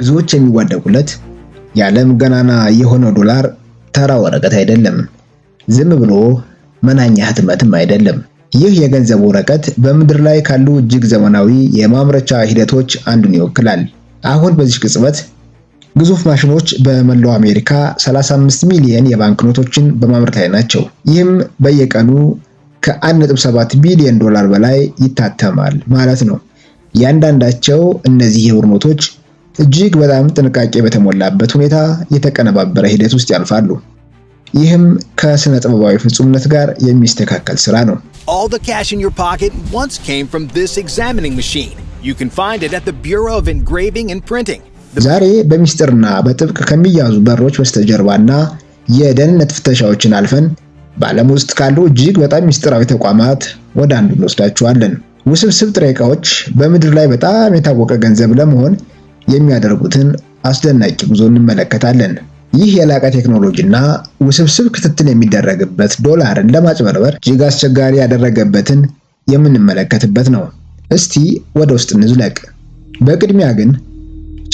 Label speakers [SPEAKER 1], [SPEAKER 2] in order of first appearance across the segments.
[SPEAKER 1] ብዙዎች የሚዋደቁለት የዓለም ገናና የሆነው ዶላር ተራ ወረቀት አይደለም፣ ዝም ብሎ መናኛ ህትመትም አይደለም። ይህ የገንዘብ ወረቀት በምድር ላይ ካሉ እጅግ ዘመናዊ የማምረቻ ሂደቶች አንዱን ይወክላል። አሁን በዚህ ቅጽበት ግዙፍ ማሽኖች በመላው አሜሪካ 35 ሚሊዮን የባንክ ኖቶችን በማምረት ላይ ናቸው። ይህም በየቀኑ ከ1.7 ቢሊዮን ዶላር በላይ ይታተማል ማለት ነው። እያንዳንዳቸው እነዚህ የቡድኖቶች እጅግ በጣም ጥንቃቄ በተሞላበት ሁኔታ የተቀነባበረ ሂደት ውስጥ ያልፋሉ። ይህም ከስነ ጥበባዊ ፍጹምነት ጋር የሚስተካከል ስራ ነው። All the cash in your pocket once came from this examining machine. You can find it at the Bureau of Engraving and Printing.
[SPEAKER 2] ዛሬ በሚስጥርና በጥብቅ ከሚያዙ በሮች በስተጀርባና የደህንነት ፍተሻዎችን አልፈን በዓለም ውስጥ ካሉ እጅግ በጣም ሚስጥራዊ ተቋማት ወደ አንዱ እንወስዳችኋለን። ውስብስብ ጥሬ ዕቃዎች በምድር ላይ በጣም የታወቀ ገንዘብ ለመሆን የሚያደርጉትን አስደናቂ ጉዞ እንመለከታለን። ይህ የላቀ ቴክኖሎጂ እና ውስብስብ ክትትል የሚደረግበት ዶላርን ለማጭበርበር እጅግ አስቸጋሪ ያደረገበትን የምንመለከትበት ነው። እስቲ ወደ ውስጥ እንዝለቅ። በቅድሚያ ግን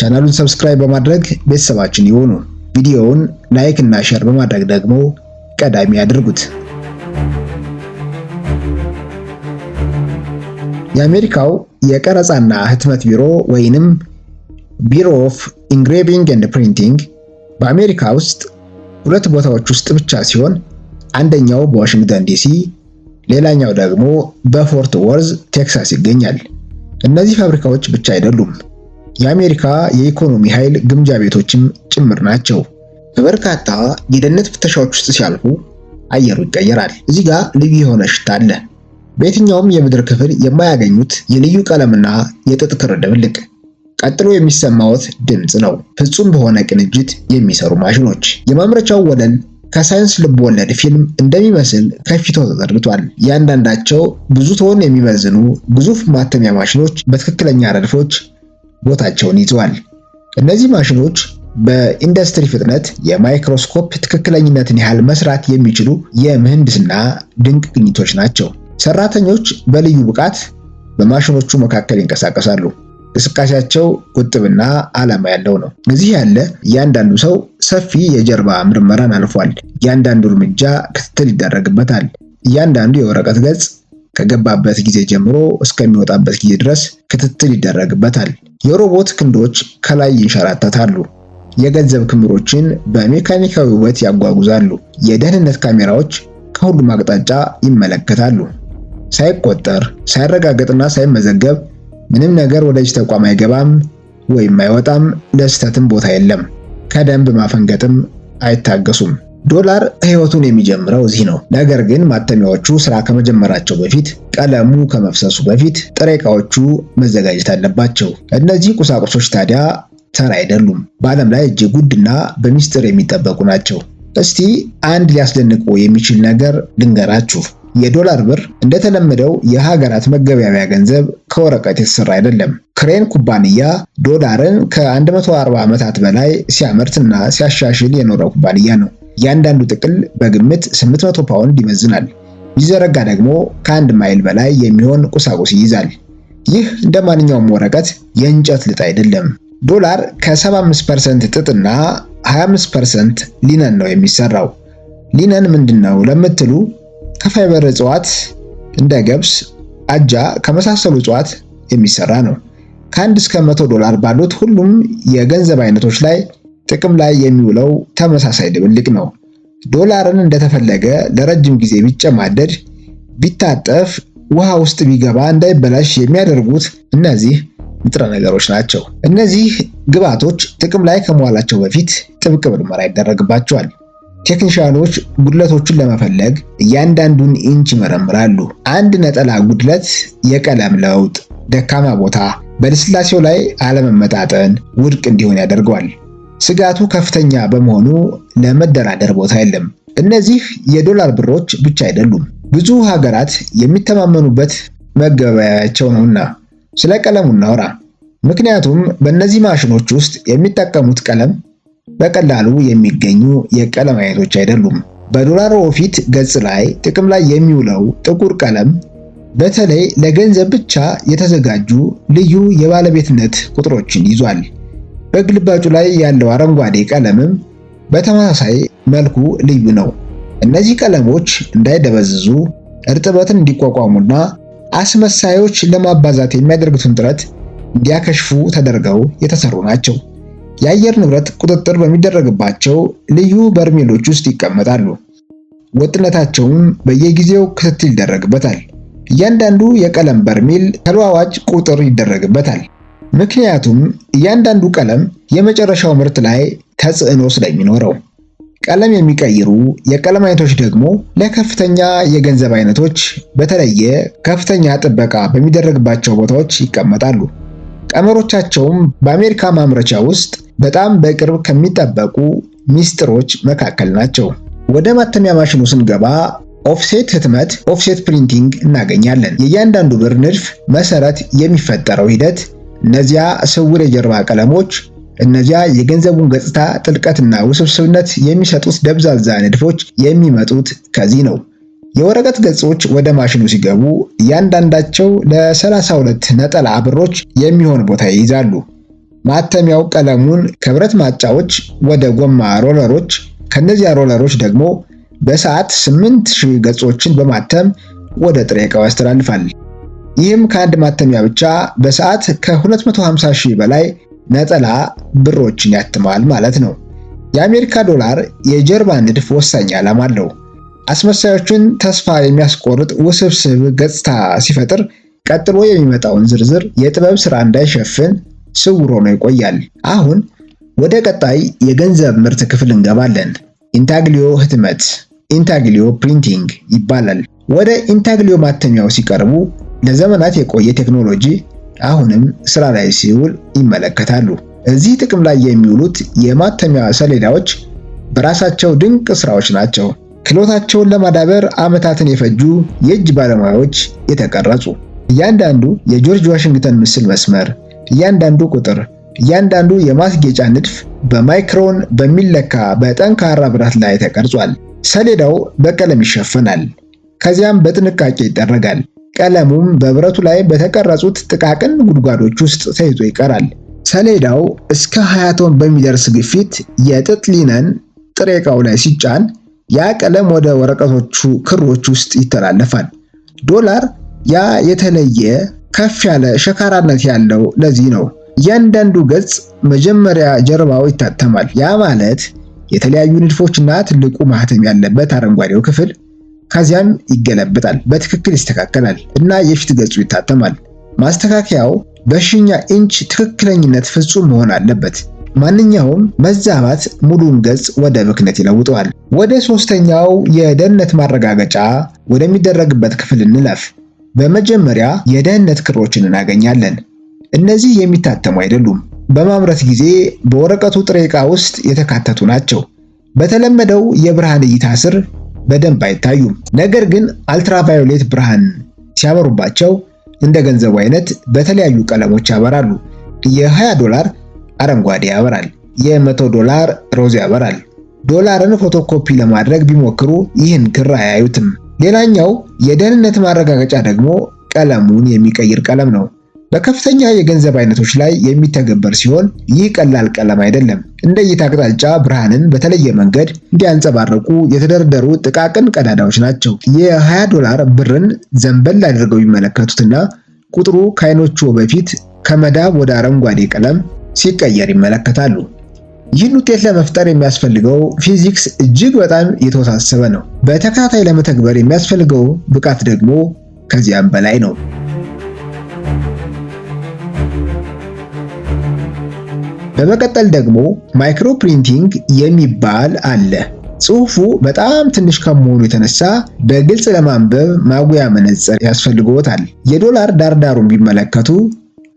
[SPEAKER 2] ቻናሉን ሰብስክራይብ በማድረግ ቤተሰባችን ይሆኑ። ቪዲዮውን ላይክ እና ሼር በማድረግ ደግሞ ቀዳሚ ያድርጉት። የአሜሪካው የቀረጻና ህትመት ቢሮ ወይንም ቢሮ ኦፍ ኢንግሬቪንግ ኤንድ ፕሪንቲንግ በአሜሪካ ውስጥ ሁለት ቦታዎች ውስጥ ብቻ ሲሆን አንደኛው በዋሽንግተን ዲሲ፣ ሌላኛው ደግሞ በፎርት ወርዝ ቴክሳስ ይገኛል። እነዚህ ፋብሪካዎች ብቻ አይደሉም፣ የአሜሪካ የኢኮኖሚ ኃይል ግምጃ ቤቶችም ጭምር ናቸው። በበርካታ የደህንነት ፍተሻዎች ውስጥ ሲያልፉ አየሩ ይቀየራል። እዚህ ጋር ልዩ የሆነ ሽታ አለ። በየትኛውም የምድር ክፍል የማያገኙት የልዩ ቀለምና የጥጥ ድብልቅ። ቀጥሎ የሚሰማዎት ድምፅ ነው። ፍጹም በሆነ ቅንጅት የሚሰሩ ማሽኖች። የማምረቻው ወለል ከሳይንስ ልብ ወለድ ፊልም እንደሚመስል ከፊቶ ተዘርግቷል። እያንዳንዳቸው ብዙ ቶን የሚመዝኑ ግዙፍ ማተሚያ ማሽኖች በትክክለኛ ረድፎች ቦታቸውን ይዘዋል። እነዚህ ማሽኖች በኢንዱስትሪ ፍጥነት የማይክሮስኮፕ ትክክለኝነትን ያህል መስራት የሚችሉ የምህንድስና ድንቅ ግኝቶች ናቸው። ሰራተኞች በልዩ ብቃት በማሽኖቹ መካከል ይንቀሳቀሳሉ። እንቅስቃሴያቸው ቁጥብና ዓላማ ያለው ነው። እዚህ ያለ እያንዳንዱ ሰው ሰፊ የጀርባ ምርመራን አልፏል። እያንዳንዱ እርምጃ ክትትል ይደረግበታል። እያንዳንዱ የወረቀት ገጽ ከገባበት ጊዜ ጀምሮ እስከሚወጣበት ጊዜ ድረስ ክትትል ይደረግበታል። የሮቦት ክንዶች ከላይ ይንሸራተታሉ። የገንዘብ ክምሮችን በሜካኒካዊ ውበት ያጓጉዛሉ። የደህንነት ካሜራዎች ከሁሉም አቅጣጫ ይመለከታሉ። ሳይቆጠር ሳይረጋገጥና ሳይመዘገብ ምንም ነገር እጅ ተቋም አይገባም ወይም አይወጣም። ለስተትም ቦታ የለም። ከደንብ ማፈንገጥም አይታገሱም። ዶላር ህይወቱን የሚጀምረው እዚህ ነው። ነገር ግን ማተሚያዎቹ ስራ ከመጀመራቸው በፊት፣ ቀለሙ ከመፍሰሱ በፊት ጥሬ እቃዎቹ መዘጋጀት አለባቸው። እነዚህ ቁሳቁሶች ታዲያ ተራ አይደሉም። በዓለም ላይ እጅግ ውድና በሚስጥር የሚጠበቁ ናቸው። እስቲ አንድ ሊያስደንቁ የሚችል ነገር ልንገራችሁ። የዶላር ብር እንደተለመደው የሀገራት መገበያያ ገንዘብ ከወረቀት የተሰራ አይደለም። ክሬን ኩባንያ ዶላርን ከ140 ዓመታት በላይ ሲያመርትና ሲያሻሽል የኖረ ኩባንያ ነው። እያንዳንዱ ጥቅል በግምት 800 ፓውንድ ይመዝናል። ቢዘረጋ ደግሞ ከአንድ ማይል በላይ የሚሆን ቁሳቁስ ይይዛል። ይህ እንደ ማንኛውም ወረቀት የእንጨት ልጥ አይደለም። ዶላር ከ75% ጥጥና 25% ሊነን ነው የሚሰራው። ሊነን ምንድን ነው ለምትሉ ከፋይበር እጽዋት እንደ ገብስ፣ አጃ ከመሳሰሉ እጽዋት የሚሰራ ነው። ከአንድ እስከ መቶ ዶላር ባሉት ሁሉም የገንዘብ አይነቶች ላይ ጥቅም ላይ የሚውለው ተመሳሳይ ድብልቅ ነው። ዶላርን እንደተፈለገ ለረጅም ጊዜ ቢጨማደድ፣ ቢታጠፍ፣ ውሃ ውስጥ ቢገባ እንዳይበላሽ የሚያደርጉት እነዚህ ንጥረ ነገሮች ናቸው። እነዚህ ግብዓቶች ጥቅም ላይ ከመዋላቸው በፊት ጥብቅ ምርመራ ይደረግባቸዋል። ቴክኒሻኖች ጉድለቶቹን ለመፈለግ እያንዳንዱን ኢንች ይመረምራሉ። አንድ ነጠላ ጉድለት የቀለም ለውጥ፣ ደካማ ቦታ፣ በልስላሴው ላይ አለመመጣጠን ውድቅ እንዲሆን ያደርገዋል። ስጋቱ ከፍተኛ በመሆኑ ለመደራደር ቦታ የለም። እነዚህ የዶላር ብሮች ብቻ አይደሉም፣ ብዙ ሀገራት የሚተማመኑበት መገበያያቸው ነውና። ስለ ቀለሙ እናወራ ምክንያቱም በእነዚህ ማሽኖች ውስጥ የሚጠቀሙት ቀለም በቀላሉ የሚገኙ የቀለም አይነቶች አይደሉም። በዶላር ወፊት ገጽ ላይ ጥቅም ላይ የሚውለው ጥቁር ቀለም በተለይ ለገንዘብ ብቻ የተዘጋጁ ልዩ የባለቤትነት ቁጥሮችን ይዟል። በግልባጩ ላይ ያለው አረንጓዴ ቀለምም በተመሳሳይ መልኩ ልዩ ነው። እነዚህ ቀለሞች እንዳይደበዝዙ እርጥበትን እንዲቋቋሙና አስመሳዮች ለማባዛት የሚያደርጉትን ጥረት እንዲያከሽፉ ተደርገው የተሰሩ ናቸው። የአየር ንብረት ቁጥጥር በሚደረግባቸው ልዩ በርሜሎች ውስጥ ይቀመጣሉ። ወጥነታቸውም በየጊዜው ክትትል ይደረግበታል። እያንዳንዱ የቀለም በርሜል ተለዋዋጭ ቁጥር ይደረግበታል። ምክንያቱም እያንዳንዱ ቀለም የመጨረሻው ምርት ላይ ተጽዕኖ ስለሚኖረው። ቀለም የሚቀይሩ የቀለም አይነቶች ደግሞ ለከፍተኛ የገንዘብ አይነቶች በተለየ ከፍተኛ ጥበቃ በሚደረግባቸው ቦታዎች ይቀመጣሉ። ቀመሮቻቸውም በአሜሪካ ማምረቻ ውስጥ በጣም በቅርብ ከሚጠበቁ ሚስጥሮች መካከል ናቸው። ወደ ማተሚያ ማሽኑ ስንገባ ኦፍሴት ህትመት፣ ኦፍሴት ፕሪንቲንግ እናገኛለን። የእያንዳንዱ ብር ንድፍ መሰረት የሚፈጠረው ሂደት፣ እነዚያ ስውር የጀርባ ቀለሞች፣ እነዚያ የገንዘቡን ገጽታ ጥልቀትና ውስብስብነት የሚሰጡት ደብዛዛ ንድፎች የሚመጡት ከዚህ ነው። የወረቀት ገጾች ወደ ማሽኑ ሲገቡ እያንዳንዳቸው ለ32 ነጠላ ብሮች የሚሆን ቦታ ይይዛሉ። ማተሚያው ቀለሙን ከብረት ማጫዎች ወደ ጎማ ሮለሮች፣ ከነዚያ ሮለሮች ደግሞ በሰዓት 8000 ገጾችን በማተም ወደ ጥሬ ዕቃው ያስተላልፋል። ይህም ከአንድ ማተሚያ ብቻ በሰዓት ከ250 ሺህ በላይ ነጠላ ብሮችን ያትማል ማለት ነው። የአሜሪካ ዶላር የጀርባ ንድፍ ወሳኝ ዓላማ አለው። አስመሳዮቹን ተስፋ የሚያስቆርጥ ውስብስብ ገጽታ ሲፈጥር ቀጥሎ የሚመጣውን ዝርዝር የጥበብ ሥራ እንዳይሸፍን ስውር ሆኖ ይቆያል። አሁን ወደ ቀጣይ የገንዘብ ምርት ክፍል እንገባለን። ኢንታግሊዮ ህትመት ኢንታግሊዮ ፕሪንቲንግ ይባላል። ወደ ኢንታግሊዮ ማተሚያው ሲቀርቡ ለዘመናት የቆየ ቴክኖሎጂ አሁንም ስራ ላይ ሲውል ይመለከታሉ። እዚህ ጥቅም ላይ የሚውሉት የማተሚያ ሰሌዳዎች በራሳቸው ድንቅ ስራዎች ናቸው። ክህሎታቸውን ለማዳበር ዓመታትን የፈጁ የእጅ ባለሙያዎች የተቀረጹ። እያንዳንዱ የጆርጅ ዋሽንግተን ምስል መስመር እያንዳንዱ ቁጥር እያንዳንዱ የማስጌጫ ንድፍ በማይክሮን በሚለካ በጠንካራ ብረት ላይ ተቀርጿል። ሰሌዳው በቀለም ይሸፈናል፣ ከዚያም በጥንቃቄ ይጠረጋል። ቀለሙም በብረቱ ላይ በተቀረጹት ጥቃቅን ጉድጓዶች ውስጥ ተይዞ ይቀራል። ሰሌዳው እስከ 20 ቶን በሚደርስ ግፊት የጥጥ ሊነን ጥሬ ዕቃው ላይ ሲጫን ያ ቀለም ወደ ወረቀቶቹ ክሮች ውስጥ ይተላለፋል። ዶላር ያ የተለየ ከፍ ያለ ሸካራነት ያለው ለዚህ ነው። እያንዳንዱ ገጽ መጀመሪያ ጀርባው ይታተማል። ያ ማለት የተለያዩ ንድፎችና ትልቁ ማህተም ያለበት አረንጓዴው ክፍል ከዚያም ይገለበጣል፣ በትክክል ይስተካከላል እና የፊት ገጹ ይታተማል። ማስተካከያው በሺኛ ኢንች ትክክለኝነት ፍጹም መሆን አለበት። ማንኛውም መዛባት ሙሉን ገጽ ወደ ብክነት ይለውጠዋል። ወደ ሶስተኛው የደህንነት ማረጋገጫ ወደሚደረግበት ክፍል እንለፍ። በመጀመሪያ የደህንነት ክሮችን እናገኛለን። እነዚህ የሚታተሙ አይደሉም። በማምረት ጊዜ በወረቀቱ ጥሬ ዕቃ ውስጥ የተካተቱ ናቸው። በተለመደው የብርሃን እይታ ስር በደንብ አይታዩም። ነገር ግን አልትራቫዮሌት ብርሃን ሲያበሩባቸው እንደ ገንዘቡ አይነት በተለያዩ ቀለሞች ያበራሉ። የ20 ዶላር አረንጓዴ ያበራል፣ የ100 ዶላር ሮዝ ያበራል። ዶላርን ፎቶኮፒ ለማድረግ ቢሞክሩ ይህን ክር አያዩትም። ሌላኛው የደህንነት ማረጋገጫ ደግሞ ቀለሙን የሚቀይር ቀለም ነው። በከፍተኛ የገንዘብ አይነቶች ላይ የሚተገበር ሲሆን ይህ ቀላል ቀለም አይደለም። እንደ እይታ አቅጣጫ ብርሃንን በተለየ መንገድ እንዲያንጸባርቁ የተደረደሩ ጥቃቅን ቀዳዳዎች ናቸው። የ20 ዶላር ብርን ዘንበል አድርገው ይመለከቱትና ቁጥሩ ከአይኖቹ በፊት ከመዳብ ወደ አረንጓዴ ቀለም ሲቀየር ይመለከታሉ። ይህን ውጤት ለመፍጠር የሚያስፈልገው ፊዚክስ እጅግ በጣም የተወሳሰበ ነው። በተከታታይ ለመተግበር የሚያስፈልገው ብቃት ደግሞ ከዚያም በላይ ነው። በመቀጠል ደግሞ ማይክሮ ፕሪንቲንግ የሚባል አለ። ጽሑፉ በጣም ትንሽ ከመሆኑ የተነሳ በግልጽ ለማንበብ ማጉያ መነጽር ያስፈልግዎታል። የዶላር ዳርዳሩን ቢመለከቱ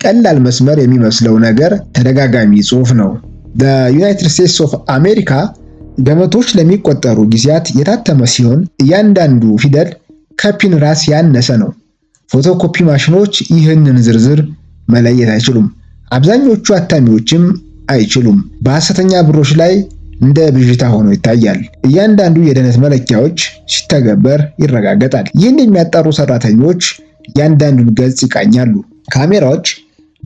[SPEAKER 2] ቀላል መስመር የሚመስለው ነገር ተደጋጋሚ ጽሑፍ ነው። በዩናይትድ ስቴትስ ኦፍ አሜሪካ በመቶዎች ለሚቆጠሩ ጊዜያት የታተመ ሲሆን እያንዳንዱ ፊደል ከፒን ራስ ያነሰ ነው። ፎቶኮፒ ማሽኖች ይህንን ዝርዝር መለየት አይችሉም፣ አብዛኞቹ አታሚዎችም አይችሉም። በሐሰተኛ ብሮች ላይ እንደ ብዥታ ሆኖ ይታያል። እያንዳንዱ የደህንነት መለኪያዎች ሲተገበር ይረጋገጣል። ይህን የሚያጣሩ ሰራተኞች እያንዳንዱን ገጽ ይቃኛሉ። ካሜራዎች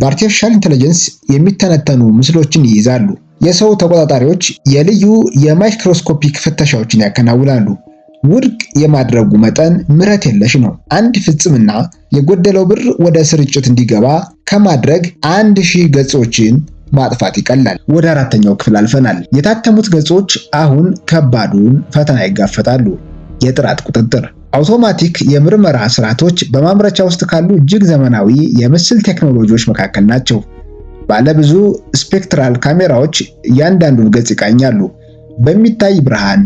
[SPEAKER 2] በአርቲፊሻል ኢንቴሊጀንስ የሚተነተኑ ምስሎችን ይይዛሉ። የሰው ተቆጣጣሪዎች የልዩ የማይክሮስኮፒክ ፍተሻዎችን ያከናውናሉ። ውድቅ የማድረጉ መጠን ምረት የለሽ ነው። አንድ ፍጽምና የጎደለው ብር ወደ ስርጭት እንዲገባ ከማድረግ አንድ ሺህ ገጾችን ማጥፋት ይቀላል። ወደ አራተኛው ክፍል አልፈናል። የታተሙት ገጾች አሁን ከባዱን ፈተና ይጋፈጣሉ። የጥራት ቁጥጥር። አውቶማቲክ የምርመራ ስርዓቶች በማምረቻ ውስጥ ካሉ እጅግ ዘመናዊ የምስል ቴክኖሎጂዎች መካከል ናቸው። ባለብዙ ስፔክትራል ካሜራዎች እያንዳንዱን ገጽ ይቃኛሉ። በሚታይ ብርሃን፣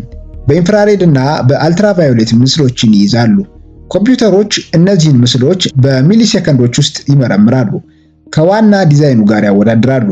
[SPEAKER 2] በኢንፍራሬድ እና በአልትራቫዮሌት ምስሎችን ይይዛሉ። ኮምፒውተሮች እነዚህን ምስሎች በሚሊሴከንዶች ውስጥ ይመረምራሉ፣ ከዋና ዲዛይኑ ጋር ያወዳድራሉ።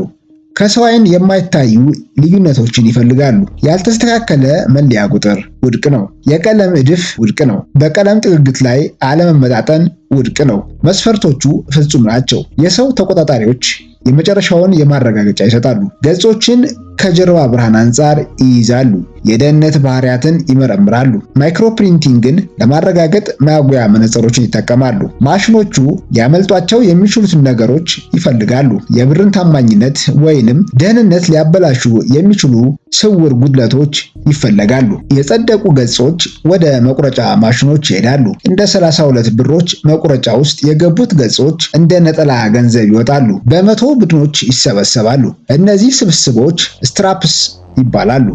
[SPEAKER 2] ከሰው ዓይን የማይታዩ ልዩነቶችን ይፈልጋሉ። ያልተስተካከለ መለያ ቁጥር ውድቅ ነው። የቀለም እድፍ ውድቅ ነው። በቀለም ጥግግት ላይ አለመመጣጠን ውድቅ ነው። መስፈርቶቹ ፍጹም ናቸው። የሰው ተቆጣጣሪዎች የመጨረሻውን የማረጋገጫ ይሰጣሉ። ገጾችን ከጀርባ ብርሃን አንጻር ይይዛሉ። የደህንነት ባህሪያትን ይመረምራሉ። ማይክሮፕሪንቲንግን ለማረጋገጥ ማጉያ መነጽሮችን ይጠቀማሉ። ማሽኖቹ ሊያመልጧቸው የሚችሉትን ነገሮች ይፈልጋሉ። የብርን ታማኝነት ወይንም ደህንነት ሊያበላሹ የሚችሉ ስውር ጉድለቶች ይፈለጋሉ። የጸደቁ ገጾች ወደ መቁረጫ ማሽኖች ይሄዳሉ። እንደ 32 ብሮች መቁረጫ ውስጥ የገቡት ገጾች እንደ ነጠላ ገንዘብ ይወጣሉ። በመቶ ቡድኖች ይሰበሰባሉ። እነዚህ ስብስቦች ስትራፕስ ይባላሉ።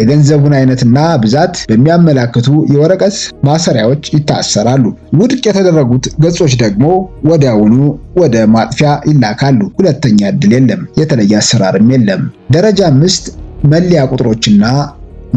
[SPEAKER 2] የገንዘቡን አይነትና ብዛት በሚያመላክቱ የወረቀት ማሰሪያዎች ይታሰራሉ። ውድቅ የተደረጉት ገጾች ደግሞ ወዲያውኑ ወደ ማጥፊያ ይላካሉ። ሁለተኛ ዕድል የለም። የተለየ አሰራርም የለም። ደረጃ አምስት መለያ ቁጥሮችና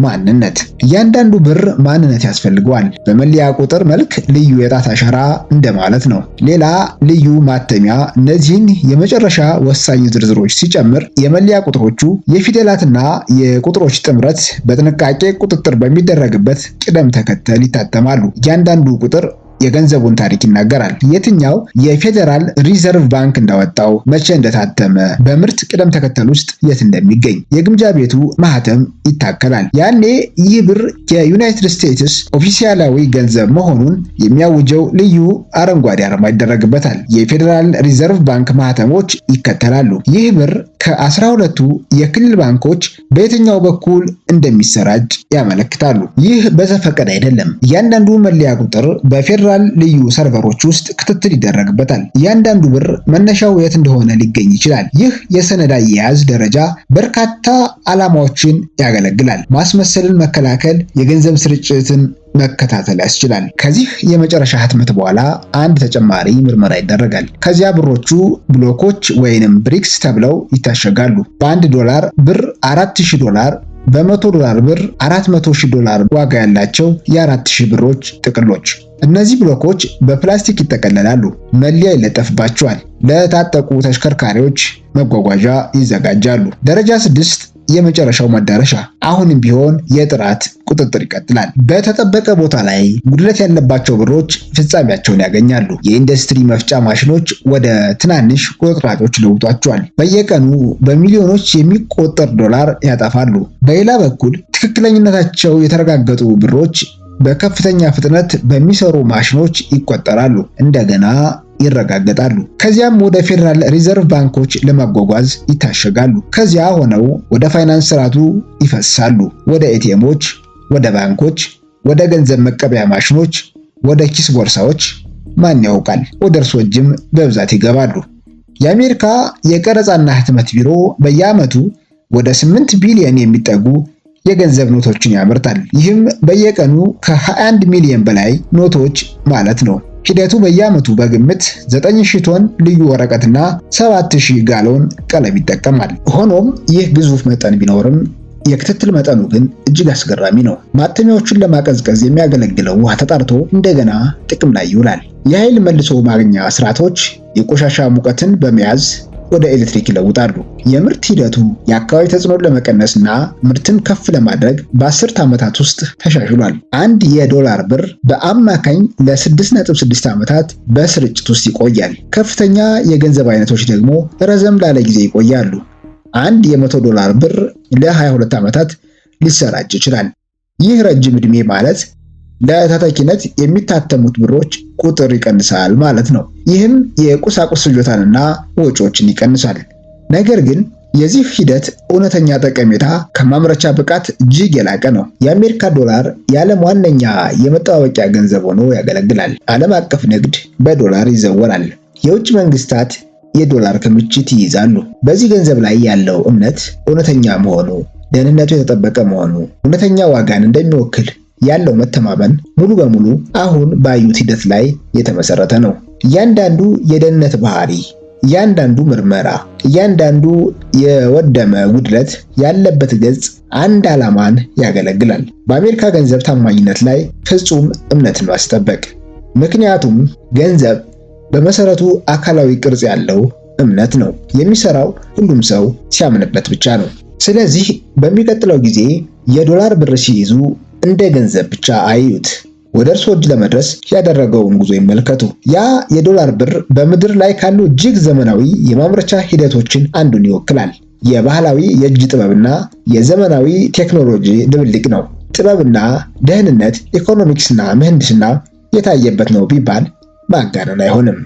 [SPEAKER 2] ማንነት እያንዳንዱ ብር ማንነት ያስፈልገዋል። በመለያ ቁጥር መልክ ልዩ የጣት አሻራ እንደማለት ነው። ሌላ ልዩ ማተሚያ እነዚህን የመጨረሻ ወሳኝ ዝርዝሮች ሲጨምር የመለያ ቁጥሮቹ የፊደላትና የቁጥሮች ጥምረት በጥንቃቄ ቁጥጥር በሚደረግበት ቅደም ተከተል ይታተማሉ። እያንዳንዱ ቁጥር የገንዘቡን ታሪክ ይናገራል። የትኛው የፌዴራል ሪዘርቭ ባንክ እንዳወጣው፣ መቼ እንደታተመ፣ በምርት ቅደም ተከተል ውስጥ የት እንደሚገኝ የግምጃ ቤቱ ማህተም ይታከላል። ያኔ ይህ ብር የዩናይትድ ስቴትስ ኦፊሲያላዊ ገንዘብ መሆኑን የሚያውጀው ልዩ አረንጓዴ አርማ ይደረግበታል። የፌዴራል ሪዘርቭ ባንክ ማህተሞች ይከተላሉ። ይህ ብር ከአስራ ሁለቱ የክልል ባንኮች በየትኛው በኩል እንደሚሰራጭ ያመለክታሉ። ይህ በዘፈቀድ አይደለም። እያንዳንዱ መለያ ቁጥር በፌዴራል በሚባል ልዩ ሰርቨሮች ውስጥ ክትትል ይደረግበታል። እያንዳንዱ ብር መነሻው የት እንደሆነ ሊገኝ ይችላል። ይህ የሰነድ አያያዝ ደረጃ በርካታ ዓላማዎችን ያገለግላል። ማስመሰልን መከላከል፣ የገንዘብ ስርጭትን መከታተል ያስችላል። ከዚህ የመጨረሻ ህትመት በኋላ አንድ ተጨማሪ ምርመራ ይደረጋል። ከዚያ ብሮቹ ብሎኮች ወይንም ብሪክስ ተብለው ይታሸጋሉ። በአንድ ዶላር ብር 4000 ዶላር በመቶ ዶላር ብር 400 ሺህ ዶላር ዋጋ ያላቸው የ4000 ብሮች ጥቅሎች እነዚህ ብሎኮች በፕላስቲክ ይጠቀለላሉ፣ መለያ ይለጠፍባቸዋል፣ ለታጠቁ ተሽከርካሪዎች መጓጓዣ ይዘጋጃሉ። ደረጃ ስድስት የመጨረሻው መዳረሻ። አሁንም ቢሆን የጥራት ቁጥጥር ይቀጥላል። በተጠበቀ ቦታ ላይ ጉድለት ያለባቸው ብሮች ፍጻሜያቸውን ያገኛሉ። የኢንዱስትሪ መፍጫ ማሽኖች ወደ ትናንሽ ቁርጥራጮች ለውጧቸዋል። በየቀኑ በሚሊዮኖች የሚቆጠር ዶላር ያጠፋሉ። በሌላ በኩል ትክክለኝነታቸው የተረጋገጡ ብሮች በከፍተኛ ፍጥነት በሚሰሩ ማሽኖች ይቆጠራሉ፣ እንደገና ይረጋገጣሉ። ከዚያም ወደ ፌዴራል ሪዘርቭ ባንኮች ለማጓጓዝ ይታሸጋሉ። ከዚያ ሆነው ወደ ፋይናንስ ስርዓቱ ይፈሳሉ፣ ወደ ኤቲኤሞች፣ ወደ ባንኮች፣ ወደ ገንዘብ መቀበያ ማሽኖች፣ ወደ ኪስ ቦርሳዎች፣ ማን ያውቃል፣ ወደ እርሶ እጅም በብዛት ይገባሉ። የአሜሪካ የቀረጻና ህትመት ቢሮ በየዓመቱ ወደ 8 ቢሊዮን የሚጠጉ የገንዘብ ኖቶችን ያመርታል። ይህም በየቀኑ ከ21 ሚሊዮን በላይ ኖቶች ማለት ነው። ሂደቱ በየዓመቱ በግምት 9000 ቶን ልዩ ወረቀትና 7000 ጋሎን ቀለም ይጠቀማል። ሆኖም ይህ ግዙፍ መጠን ቢኖርም የክትትል መጠኑ ግን እጅግ አስገራሚ ነው። ማተሚያዎቹን ለማቀዝቀዝ የሚያገለግለው ውሃ ተጣርቶ እንደገና ጥቅም ላይ ይውላል። የኃይል መልሶ ማግኛ ስርዓቶች የቆሻሻ ሙቀትን በመያዝ ወደ ኤሌክትሪክ ይለውጣሉ። የምርት ሂደቱ የአካባቢ ተጽዕኖን ለመቀነስና ምርትን ከፍ ለማድረግ በአስርት ዓመታት ውስጥ ተሻሽሏል። አንድ የዶላር ብር በአማካኝ ለ6.6 ዓመታት በስርጭት ውስጥ ይቆያል። ከፍተኛ የገንዘብ አይነቶች ደግሞ ረዘም ላለ ጊዜ ይቆያሉ። አንድ የ100 ዶላር ብር ለ22 ዓመታት ሊሰራጭ ይችላል። ይህ ረጅም ዕድሜ ማለት ለተተኪነት የሚታተሙት ብሮች ቁጥር ይቀንሳል ማለት ነው። ይህም የቁሳቁስ ፍጆታንና ወጪዎችን ይቀንሳል። ነገር ግን የዚህ ሂደት እውነተኛ ጠቀሜታ ከማምረቻ ብቃት እጅግ የላቀ ነው። የአሜሪካ ዶላር የዓለም ዋነኛ የመጠባበቂያ ገንዘብ ሆኖ ያገለግላል። ዓለም አቀፍ ንግድ በዶላር ይዘወራል። የውጭ መንግስታት የዶላር ክምችት ይይዛሉ። በዚህ ገንዘብ ላይ ያለው እምነት እውነተኛ መሆኑ፣ ደህንነቱ የተጠበቀ መሆኑ እውነተኛ ዋጋን እንደሚወክል ያለው መተማመን ሙሉ በሙሉ አሁን ባዩት ሂደት ላይ የተመሰረተ ነው። እያንዳንዱ የደህንነት ባህሪ፣ እያንዳንዱ ምርመራ፣ እያንዳንዱ የወደመ ጉድለት ያለበት ገጽ አንድ ዓላማን ያገለግላል፤ በአሜሪካ ገንዘብ ታማኝነት ላይ ፍጹም እምነትን ማስጠበቅ። ምክንያቱም ገንዘብ በመሰረቱ አካላዊ ቅርጽ ያለው እምነት ነው። የሚሰራው ሁሉም ሰው ሲያምንበት ብቻ ነው። ስለዚህ በሚቀጥለው ጊዜ የዶላር ብር ሲይዙ እንደ ገንዘብ ብቻ አይዩት። ወደ እርሱ ወድ ለመድረስ ያደረገውን ጉዞ ይመልከቱ። ያ የዶላር ብር በምድር ላይ ካሉ እጅግ ዘመናዊ የማምረቻ ሂደቶችን አንዱን ይወክላል። የባህላዊ የእጅ ጥበብና የዘመናዊ ቴክኖሎጂ ድብልቅ ነው። ጥበብና ደህንነት፣ ኢኮኖሚክስና ምህንድስና የታየበት ነው ቢባል ማጋነን አይሆንም።